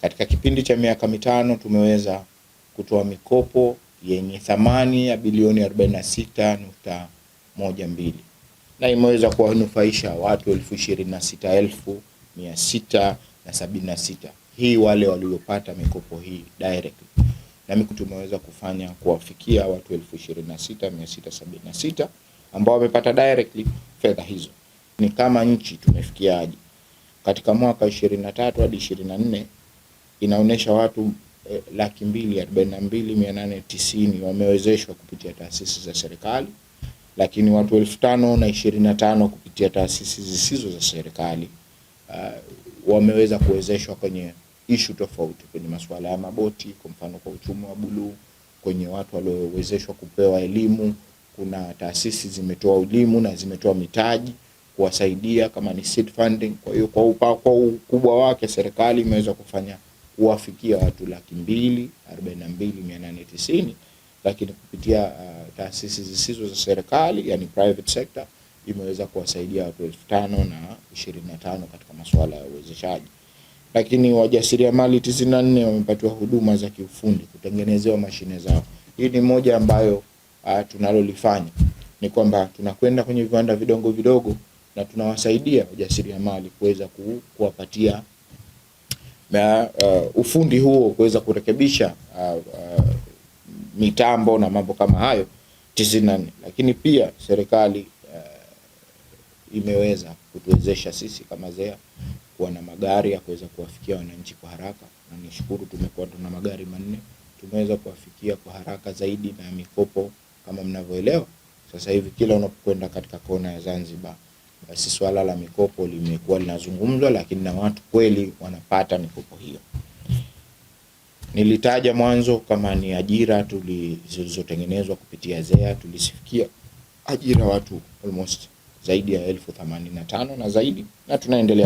Katika kipindi cha miaka mitano tumeweza kutoa mikopo yenye thamani ya bilioni 46.12 na imeweza kuwanufaisha watu elfu ishirini na sita elfu mia sita na sabini na sita hii wale waliopata mikopo hii direct na nami tumeweza kufanya kuwafikia watu elfu ishirini na sita mia sita sabini na sita ambao wamepata directly fedha hizo. Ni kama nchi tumefikiaje? Katika mwaka 23 hadi 24 inaonyesha watu eh, laki mbili arobaini na mbili mia nane tisini wamewezeshwa kupitia taasisi za serikali, lakini watu elfu tano na ishirini na tano kupitia taasisi zisizo za serikali uh, wameweza kuwezeshwa kwenye ishu tofauti, kwenye masuala ya maboti, kwa mfano kwa uchumi wa buluu. Kwenye watu waliowezeshwa kupewa elimu, kuna taasisi zimetoa elimu na zimetoa mitaji kuwasaidia kama ni seed funding. Kwa hiyo kwa ukubwa wake serikali imeweza kufanya kuwafikia watu laki mbili arobaini na mbili mia nane tisini lakini kupitia uh, taasisi zisizo za serikali yani private sector imeweza kuwasaidia watu elfu tano na ishirini na tano katika masuala ya uwezeshaji. Lakini wajasiriamali tisini na nne wamepatiwa huduma za kiufundi kutengenezewa mashine zao. Hii ni moja ambayo uh, tunalolifanya ni kwamba tunakwenda kwenye viwanda vidogo vidogo na tunawasaidia wajasiriamali kuweza ku, kuwapatia na uh, ufundi huo kuweza kurekebisha uh, uh, mitambo na mambo kama hayo tisini na nne, lakini pia serikali uh, imeweza kutuwezesha sisi kama ZEA kuwa na magari ya kuweza kuwafikia wananchi kwa haraka, na nishukuru, tumekuwa tuna magari manne tumeweza kuwafikia kwa haraka zaidi na mikopo kama mnavyoelewa sasa hivi, kila unapokwenda katika kona ya Zanzibar basi swala la mikopo limekuwa linazungumzwa, lakini na watu kweli wanapata mikopo hiyo. Nilitaja mwanzo kama ni ajira zilizotengenezwa kupitia ZEA, tulisifikia ajira watu almost zaidi ya elfu themanini na tano na zaidi na tunaendelea.